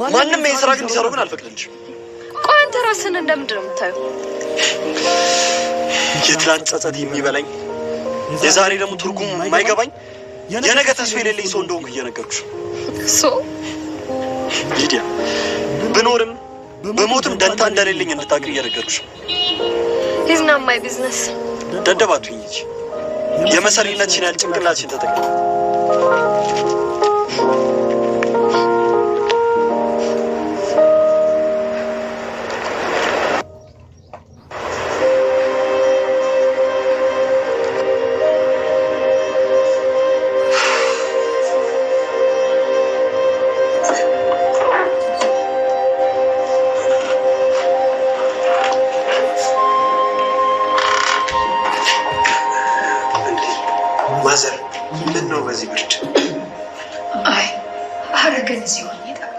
ማንም ይሄን ስራ ግን እንዲሰራው ግን አልፈቅድልሽም። ቆይ አንተ ራስህን እንደምንድን ነው የምታየው? የትላንት ጸጸት የሚበላኝ የዛሬ ደግሞ ትርጉም የማይገባኝ የነገ ተስፋ የሌለኝ ሰው እንደሆንኩ እየነገርኩሽ ሶ ሊዲያ ብኖርም በሞትም ደንታ እንደሌለኝ እንድታቅር እየነገርኩሽ። ሂዝ ናት ማይ ቢዝነስ ደደባቱኝ እንጂ የመሰሪነትሽን ሲናል ጭንቅላትሽን ተጠቅም ማዘር ምንድን ነው በዚህ ብርድ? አይ አረገን ሲሆን እዚህ